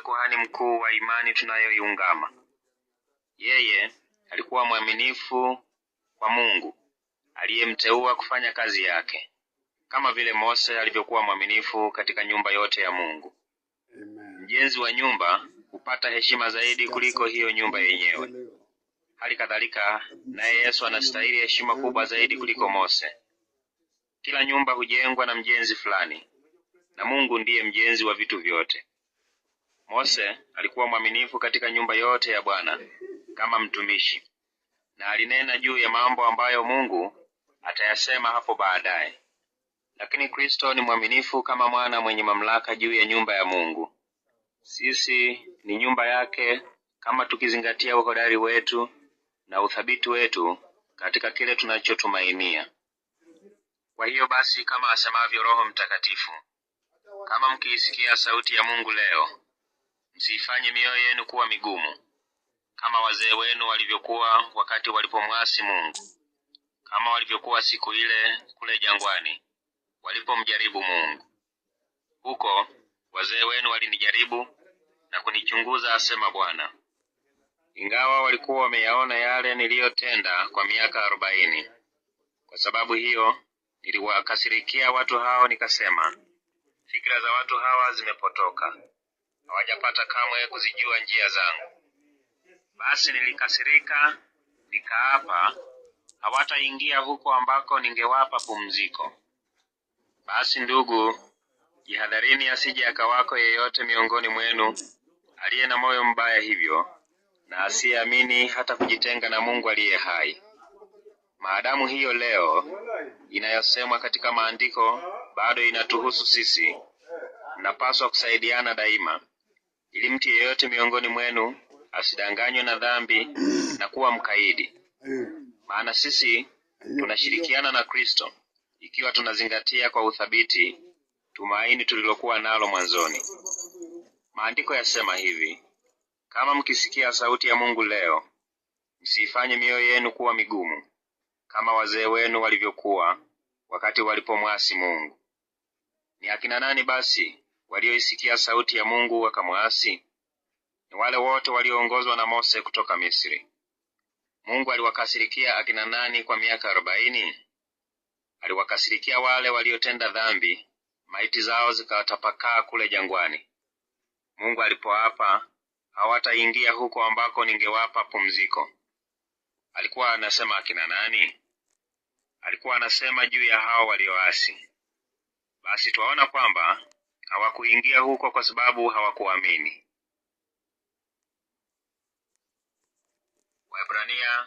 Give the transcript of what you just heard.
kuhani mkuu wa imani tunayoiungama. Yeye alikuwa mwaminifu kwa Mungu aliyemteua kufanya kazi yake, kama vile Mose alivyokuwa mwaminifu katika nyumba yote ya Mungu. Mjenzi wa nyumba hupata heshima zaidi kuliko hiyo nyumba yenyewe. Hali kadhalika naye Yesu anastahili heshima kubwa zaidi kuliko Mose. Kila nyumba hujengwa na mjenzi fulani, na Mungu ndiye mjenzi wa vitu vyote. Mose alikuwa mwaminifu katika nyumba yote ya Bwana kama mtumishi, na alinena juu ya mambo ambayo Mungu atayasema hapo baadaye. Lakini Kristo ni mwaminifu kama mwana mwenye mamlaka juu ya nyumba ya Mungu. Sisi ni nyumba yake kama tukizingatia uhodari wetu na uthabiti wetu katika kile tunachotumainia. Kwa hiyo basi, kama asemavyo Roho Mtakatifu, kama mkiisikia sauti ya Mungu leo, msiifanye mioyo yenu kuwa migumu kama wazee wenu walivyokuwa wakati walipomwasi Mungu, kama walivyokuwa siku ile kule jangwani walipomjaribu Mungu. Huko wazee wenu walinijaribu na kunichunguza, asema Bwana, ingawa walikuwa wameyaona yale niliyotenda kwa miaka arobaini. Kwa sababu hiyo niliwakasirikia watu hao, nikasema, fikra za watu hawa zimepotoka hawajapata kamwe kuzijua njia zangu. Basi nilikasirika, nikaapa hawataingia huko ambako ningewapa pumziko. Basi ndugu, jihadharini asije akawako yeyote miongoni mwenu aliye na moyo mbaya hivyo na asiyeamini hata kujitenga na Mungu aliye hai. Maadamu hiyo leo inayosemwa katika maandiko bado inatuhusu sisi, napaswa kusaidiana daima ili mtu yeyote miongoni mwenu asidanganywe na dhambi na kuwa mkaidi. Maana sisi tunashirikiana na Kristo ikiwa tunazingatia kwa uthabiti tumaini tulilokuwa nalo mwanzoni. Maandiko yasema hivi: kama mkisikia sauti ya Mungu leo, msiifanye mioyo yenu kuwa migumu, kama wazee wenu walivyokuwa wakati walipomwasi Mungu. Ni akina nani basi walioisikia sauti ya Mungu wakamwasi ni wale wote walioongozwa na Mose kutoka Misri. Mungu aliwakasirikia akina nani kwa miaka arobaini? Aliwakasirikia wale waliotenda dhambi, maiti zao zikawatapakaa kule jangwani. Mungu alipoapa hawataingia huko ambako ningewapa pumziko, alikuwa anasema akina nani? Alikuwa anasema juu ya hao walioasi. Basi twaona kwamba Hawakuingia huko kwa sababu hawakuamini. Waebrania